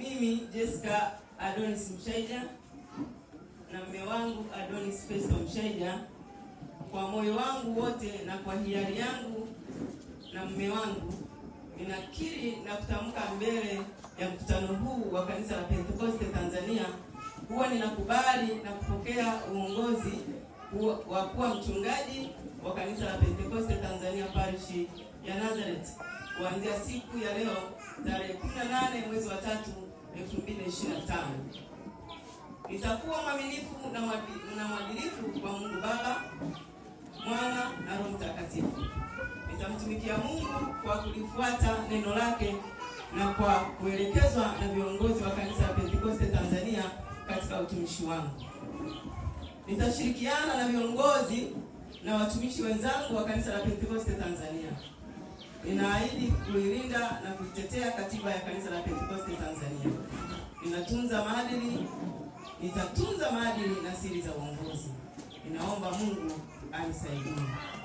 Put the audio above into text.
Mimi Jessica Adonis Mshaija na mume wangu Adonis Festo Mshaija, kwa moyo wangu wote na kwa hiari yangu na mume wangu, ninakiri na kutamka mbele ya mkutano huu wa kanisa la Pentekoste Tanzania kuwa ninakubali na kupokea uongozi wa kuwa mchungaji wa kanisa la Pentekoste Tanzania parishi ya Nazareth kuanzia siku ya leo tarehe 18 mwezi wa tatu 2025. Nitakuwa mwaminifu na mwadilifu kwa Mungu Baba, Mwana na Roho Mtakatifu. Nitamtumikia Mungu kwa kulifuata neno lake na kwa kuelekezwa na viongozi wa kanisa la Pentekoste Tanzania katika utumishi wangu. Nitashirikiana na viongozi na watumishi wenzangu wa kanisa la Pentekoste Tanzania Ninaahidi kuilinda na kuitetea katiba ya Kanisa la Pentekoste Tanzania. Ninatunza maadili, nitatunza maadili na siri za uongozi. Ninaomba Mungu anisaidie.